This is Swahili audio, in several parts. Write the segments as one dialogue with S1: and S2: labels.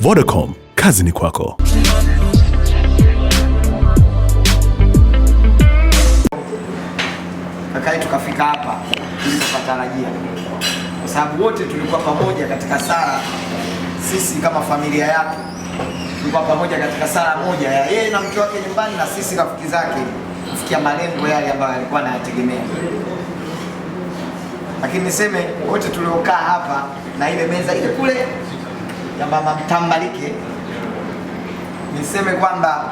S1: Vodacom, kazi ni kwako. Kakae tukafika hapa tukatarajia, kwa sababu wote tulikuwa pamoja katika sala. Sisi kama familia yake tulikuwa pamoja katika sala moja ya yeye na mke wake nyumbani, na sisi rafiki zake kufikia malengo yale ambayo alikuwa anayategemea. Lakini niseme wote tuliokaa hapa na ile meza ile kule ya Mama Mtambalike, niseme kwamba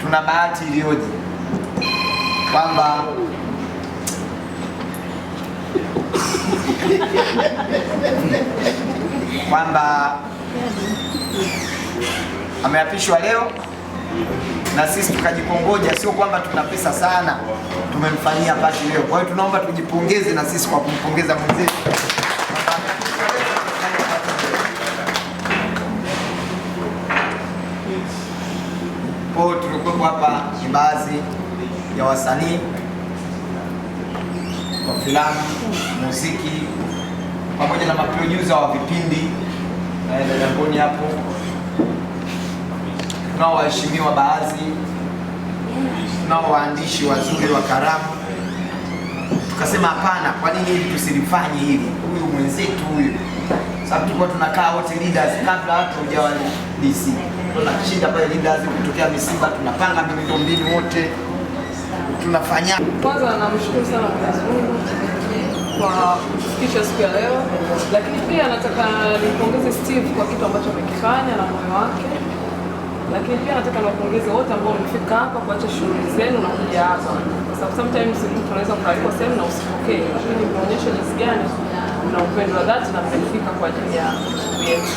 S1: tuna bahati iliyoje kwamba kwamba ameapishwa leo na sisi tukajikongoja. Sio kwamba tuna pesa sana tumemfanyia basi leo. Kwa hiyo tunaomba tujipongeze na sisi kwa kumpongeza mwenzetu ya wasanii wa filamu, muziki pamoja na maproducer wa vipindi dagoni hapo tunao waheshimiwa baadhi, tunao waandishi wazuri wa karamu. Tukasema hapana, kwa nini hili tusilifanye hili huyu mwenzetu huyu, sababu tulikuwa tunakaa wote leaders kabla hata hujawa DC tunashinda pale leaders, kutokea misiba tunapanga miundombinu wote tunafanya.
S2: Kwanza namshukuru sana Mwenyezi Mungu kwa kufikisha siku ya leo, lakini pia nataka nimpongeze Steve kwa kitu ambacho amekifanya na moyo wake, lakini pia nataka niwapongeze wote ambao wamefika hapa kuacha shughuli zenu na kuja hapa, kwa sababu sometimes mtu anaweza ukaalikwa sehemu na usipokee, lakini umeonyesha jinsi gani na upendo wa dhati na mmefika kwa ajili ya yetu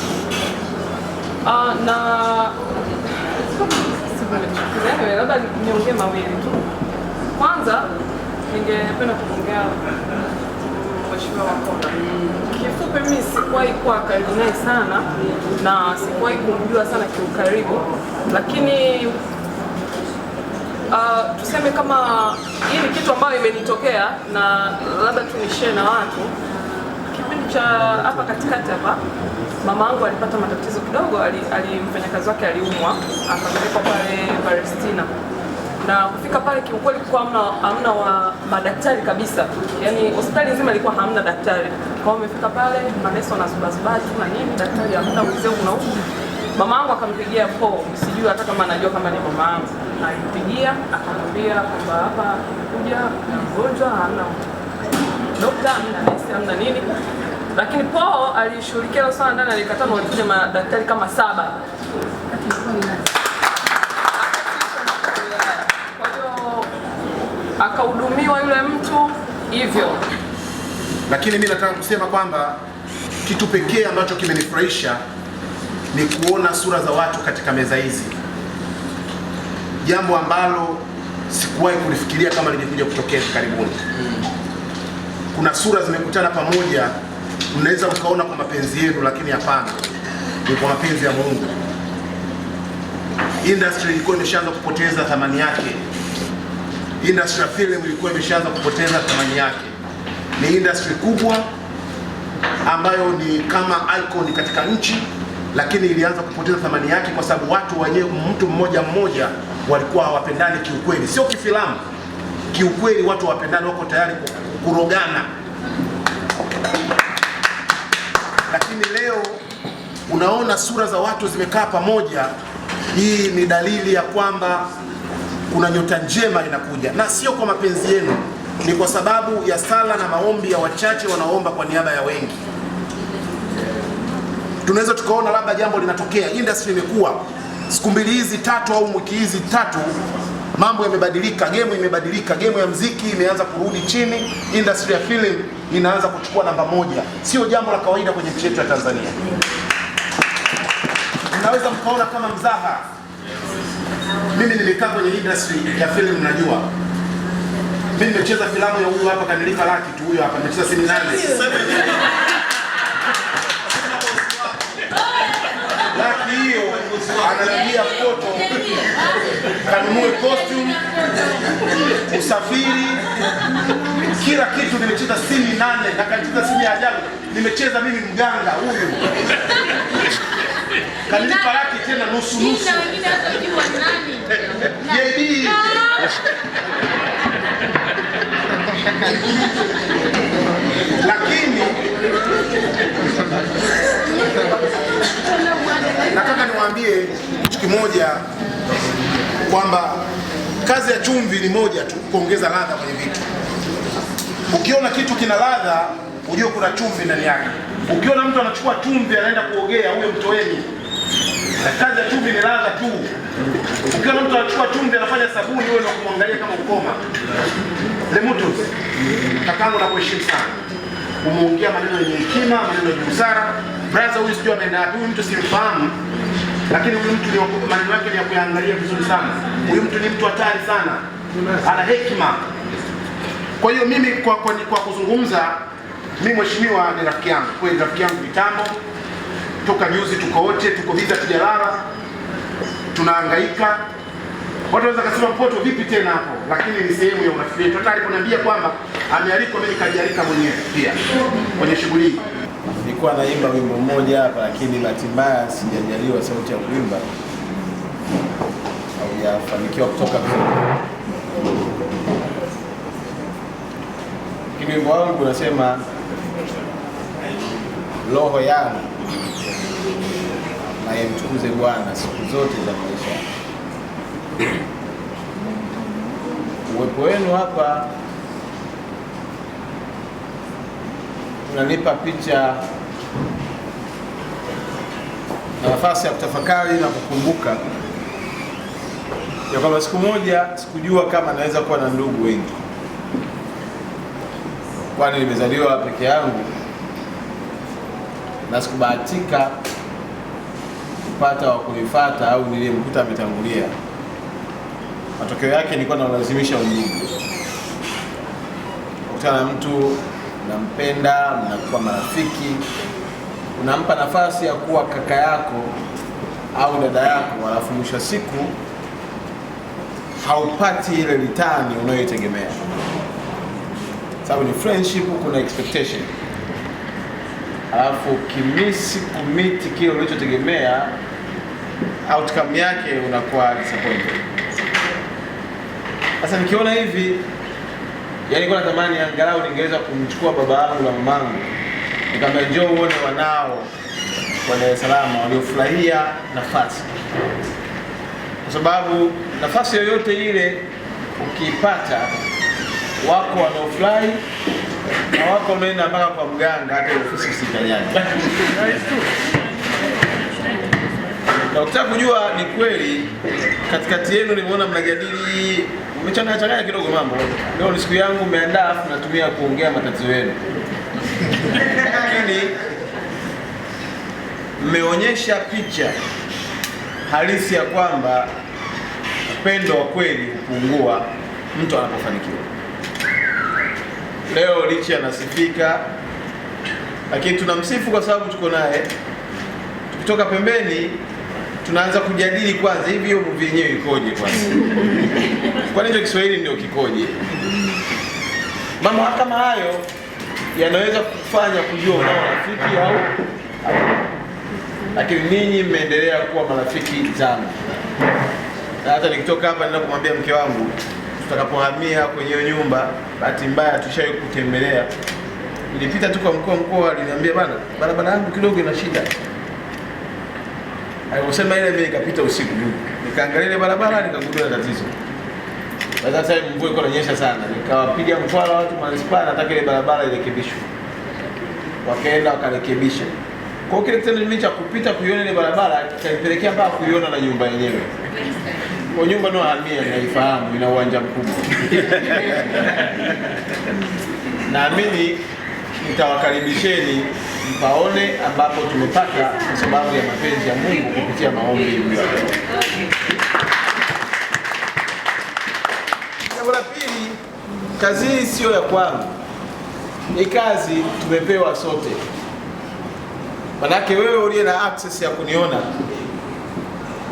S2: na labda niongee mawili tu. Kwanza ningependa kuongea mheshimiwa Makonda. Kifupi mimi sikuwahi kuwa karibu naye sana na sikuwahi kumjua sana kiukaribu, lakini uh, tuseme kama hii ni kitu ambayo imenitokea na labda tunishie na watu kipindi cha hapa katikati hapa mama angu alipata matatizo kidogo, alimfanyakazi ali wake aliumwa akapelekwa pale Palestina na kufika pale kiukweli kulikuwa hamna, hamna wa madaktari kabisa, yani hospitali nzima ilikuwa hamna daktari. Kwa hiyo umefika pale manesi wanazubazubaa tu na nini, daktari hamna, mzee una huku. Mama yangu akampigia po, sijui hata kama anajua kama ni mama yangu, alimpigia akamwambia kwamba hapa kuja na mgonjwa hamna dokta hamna nesi hamna nini lakini po alishughulikia sana ndani, alikataa. Walikuja madaktari kama saba akahudumiwa yule mtu hivyo.
S3: Lakini mimi nataka kusema kwamba kitu pekee ambacho kimenifurahisha ni kuona sura za watu katika meza hizi, jambo ambalo sikuwahi kulifikiria kama lingekuja kutokea karibuni. Kuna sura zimekutana pamoja, mnaweza ukaona kwa mapenzi yenu, lakini hapana, ni kwa mapenzi ya Mungu. Industry ilikuwa imeshaanza kupoteza thamani yake industry ya film ilikuwa imeshaanza kupoteza thamani yake. Ni industry kubwa ambayo ni kama ni katika nchi, lakini ilianza kupoteza thamani yake kwa sababu watu wenyewe, mtu mmoja mmoja, walikuwa hawapendani kiukweli, sio kifilamu, kiukweli watu hawapendani, wako tayari kurogana. Lakini leo unaona sura za watu zimekaa pamoja. Hii ni dalili ya kwamba kuna nyota njema inakuja, na sio kwa mapenzi yenu, ni kwa sababu ya sala na maombi ya wachache wanaoomba kwa niaba ya wengi. Tunaweza tukaona labda jambo linatokea, industry imekuwa siku mbili hizi tatu, au wiki hizi tatu, mambo yamebadilika, gemu imebadilika, gemu ya mziki imeanza kurudi chini, industry ya film inaanza kuchukua namba moja. Sio jambo la kawaida kwenye nchi yetu ya Tanzania. Mnaweza mkaona kama mzaha mimi nimekaa kwenye industry ya film, najua mimi nimecheza filamu ya huyu hapa kanilipa laki tu, huyo hapa nimecheza sini nane laki hiyo ananiambia foto kanunue costume, usafiri, kila kitu. Nimecheza sini nane na kanicheza simi ya ajabu. Nimecheza mimi mganga huyu, kanilipa laki tena nusu nusu. JD lakini nataka niwaambie kitu kimoja kwamba kazi ya chumvi ni moja tu, kuongeza ladha kwenye vitu. Ukiona kitu kina ladha, ujue kuna chumvi ndani yake. Ukiona mtu anachukua chumvi anaenda kuogea, huyo mtoeni. Kazi ya chumvi ni ladha tu. Ukiona mtu anachukua chumvi anafanya sabuni, wewe ndio kumwangalia kama ukoma. Lemutus, kakangu na kuheshimu sana, umeongea maneno yenye hekima, maneno ya busara. Brother huyu sijui ameenda wapi, huyu mtu simfahamu, lakini huyu mtu maneno yake ni ya kuangalia vizuri sana. Huyu mtu ni mtu hatari sana, ana hekima. Kwa hiyo mimi kwa, kwa, kwa kuzungumza mimi mheshimiwa, ni rafiki yangu kweli, rafiki yangu vitambo toka juzi tuko wote, tuko hivi, hatujalala, tunahangaika. Watu wanaweza kusema Mpoto vipi tena hapo, lakini ni sehemu ya urafiki wetu. Hata aliponiambia kwamba amealikwa, mimi nikajialika mwenyewe pia kwenye shughuli hii.
S4: Nilikuwa naimba wimbo mmoja hapa, lakini bahati mbaya sijajaliwa sauti ya kuimba, haujafanikiwa kutoka vizuri. Lakini wimbo wangu unasema roho yangu na yemtukuze Bwana siku zote za maisha. Uwepo wenu hapa unanipa picha na nafasi ya kutafakari na kukumbuka ya kwamba siku moja sikujua kama naweza kuwa na ndugu wengi, kwani nimezaliwa peke yangu na sikubahatika kupata wa kunifuata au niliyemkuta ametangulia, matokeo yake nilikuwa naulazimisha ujibu. Kukutana na mtu nampenda, mnakuwa marafiki, unampa nafasi ya kuwa kaka yako au dada yako, alafu mwisho wa siku haupati ile litani unayoitegemea, sababu ni friendship, kuna expectation alafu kimisi kumiti kile ulichotegemea outcome yake unakuwa disappointed. Sasa nikiona hivi, yani kwa natamani angalau ningeweza kumchukua baba yangu na mamangu, nikamwambia njoo uone wanao wa Dar es Salaam waliofurahia nafasi, kwa sababu nafasi yoyote ile ukiipata, wako wanaofurahi wako menda mpaka kwa mganga, hata ofisi Na ukitaka kujua ni kweli, katikati yenu nimeona mnajadili, mmechanganya changanya kidogo mambo. Leo ni siku yangu, mmeandaa afu natumia kuongea matatizo yenu, lakini mmeonyesha picha halisi ya kwamba upendo wa kweli hupungua mtu anapofanikiwa leo lichi anasifika, lakini tunamsifu kwa sababu tuko naye. Tukitoka pembeni, tunaanza kujadili kwanza, hivi hiyo movie yenyewe ikoje kwanza, kwani hicho Kiswahili ndio kikoje? Mama, kama hayo yanaweza kufanya kujua na rafiki au, lakini ninyi mmeendelea kuwa marafiki zangu, na hata nikitoka hapa nenda kumwambia mke wangu tutakapohamia kwenye hiyo nyumba, bahati mbaya tushawahi kutembelea, nilipita tu kwa mkuu mkoa, aliniambia bana, barabara yangu kidogo ina shida. Aliposema ile, mimi nikapita usiku juu, nikaangalia ile barabara, nikagundua tatizo. Sasa mvua iko inanyesha sana, nikawapiga mkwala watu manispaa, nataka ile barabara irekebishwe. Wakaenda wakarekebisha. Kwa kile kitendo cha kupita kuiona ile barabara, kanipelekea mpaka kuiona na nyumba yenyewe kwa nyumba hamia naifahamu, ina uwanja mkubwa naamini nitawakaribisheni mpaone ambapo tumepata kwa sababu ya mapenzi ya Mungu kupitia maombi. Jambo la pili, kazi hii siyo ya kwangu, ni kazi tumepewa sote, manake wewe uliye na access ya kuniona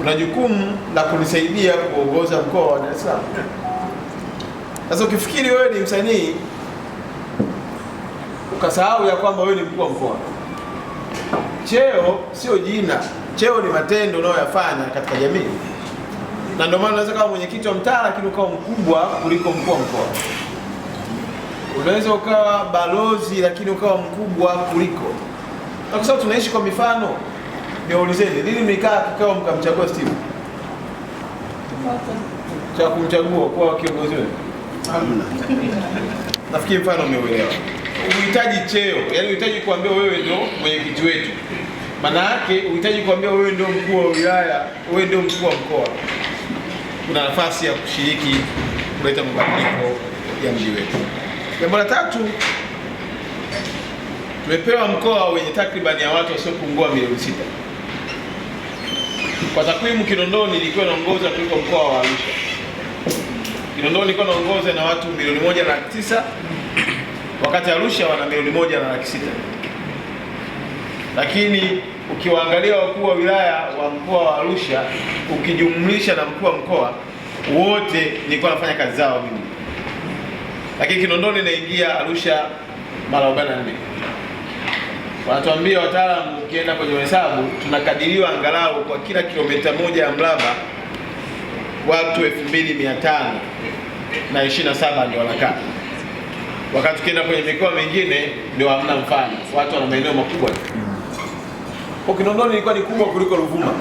S4: una jukumu la kunisaidia kuongoza mkoa wa Dar es Salaam. Sasa ukifikiri wewe ni msanii ukasahau ya kwamba wewe ni mkuu wa mkoa. Cheo sio jina, cheo ni matendo unayoyafanya katika jamii, na ndio maana unaweza kama mwenyekiti wa mtaa lakini ukawa mkubwa kuliko mkuu wa mkoa. Unaweza ukawa balozi lakini ukawa mkubwa kuliko, na kwa sababu tunaishi kwa mifano Niulizeni, nini, mlikaa kikao mkamchagua Steve cha kumchagua kuwa kiongozi wenu? Hamna. Nafikiri mfano umeuelewa. Uhitaji cheo, yaani uhitaji kuambia wewe ndio mwenyekiti wetu, maana yake uhitaji kuambia wewe ndio mkuu wa wilaya, wewe ndio mkuu wa mkoa. Kuna nafasi ya kushiriki kuleta mabadiliko ya mji wetu. Jambo la tatu, tumepewa mkoa wenye takribani ya watu wasiopungua milioni sita. Kwa takwimu Kinondoni ilikuwa inaongoza kuliko mkoa wa Arusha. Kinondoni ilikuwa inaongoza na watu milioni moja na laki tisa wakati Arusha wana milioni moja na laki sita lakini ukiwaangalia wakuu wa wilaya wa mkoa wa Arusha ukijumlisha na mkuu wa mkoa wote nilikuwa nafanya kazi zao mimi, lakini Kinondoni inaingia Arusha mara 44. Wanatuambia wataalamu, ukienda kwenye hesabu, tunakadiriwa angalau kwa kila kilomita moja ya mraba watu 2500 na 27 ndio wanakaa, wakati ukienda kwenye mikoa mingine ndio hamna mfano, watu wana maeneo makubwa. Kwa Kinondoni ilikuwa ni kubwa kuliko Ruvuma,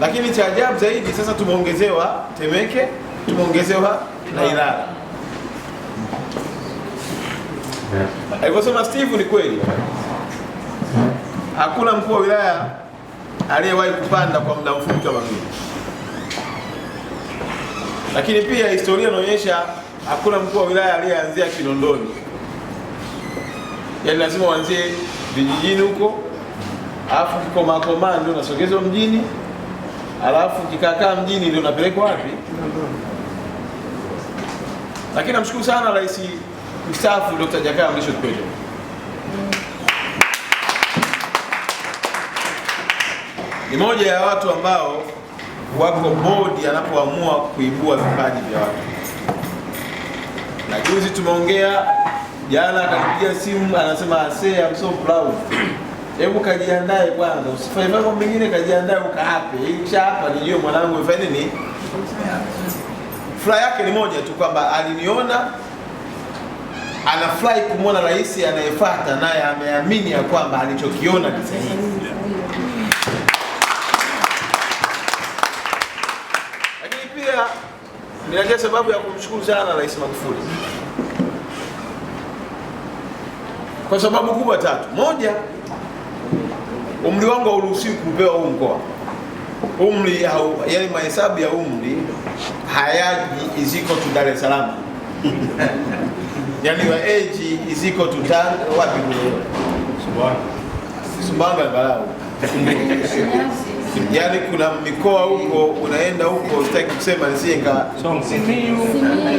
S4: lakini cha ajabu zaidi sasa tumeongezewa Temeke, tumeongezewa na Ilala alivyosema Steve ni kweli. Hakuna mkuu wa wilaya aliyewahi kupanda kwa muda mfupi kama mimi, lakini pia historia inaonyesha hakuna mkuu wa wilaya aliyeanzia Kinondoni, yaani lazima uanzie vijijini huko, alafu kikomakomaa ndio unasogezwa mjini, alafu kikakaa mjini ndio unapelekwa wapi? Lakini namshukuru sana Rais mstaafu Dr. Jakaya Mrisho Kikwete. Ni moja ya watu ambao wako bodi anapoamua kuibua vipaji vya watu, na juzi tumeongea, jana akapigia simu anasema, ase I'm so proud Hebu kajiandae kwanza, usifanye mambo mengine, kajiandae ukaape. Kisha hapa nijue mwanangu fanya nini. Furaha yake ni moja tu kwamba aliniona anafurahi kumwona rais anayefuata naye ameamini ya kwamba alichokiona ni sahihi. Lakini pia ninatia sababu ya kumshukuru sana Rais Magufuli kwa sababu kubwa tatu. Moja, umri wangu hauruhusiwi kupewa huu mkoa. Umri yaani, mahesabu ya umri hayaji iziko tu Dar es Salaam yani your age is equal to tan wapi Sumbawanga angalau yani kuna mikoa huko unaenda huko, sitaki kusema nisije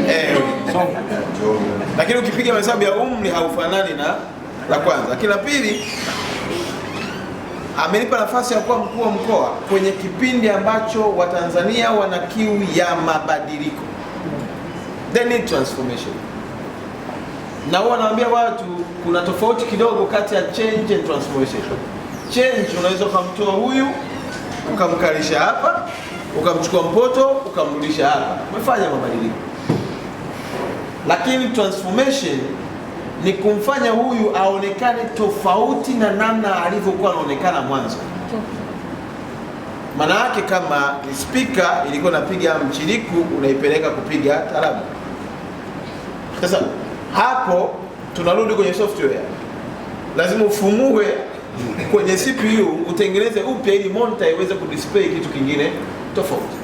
S4: eh. lakini ukipiga mahesabu ya umri haufanani na la kwanza. Lakini la pili, amenipa nafasi ya kuwa mkuu wa mkoa kwenye kipindi ambacho Watanzania wana kiu ya mabadiliko, they need transformation na huwa naambia watu kuna tofauti kidogo kati ya change and transformation. Change unaweza ukamtoa huyu ukamkalisha hapa, ukamchukua mpoto ukamrudisha hapa, umefanya mabadiliko. Lakini transformation ni kumfanya huyu aonekane tofauti na namna alivyokuwa anaonekana mwanzo. Maana yake kama ni spika ilikuwa napiga mchiriku, unaipeleka kupiga tarabu. Sasa hapo tunarudi kwenye software, lazima ufumue kwenye CPU utengeneze upya ili monitor iweze kudisplay kitu kingine tofauti.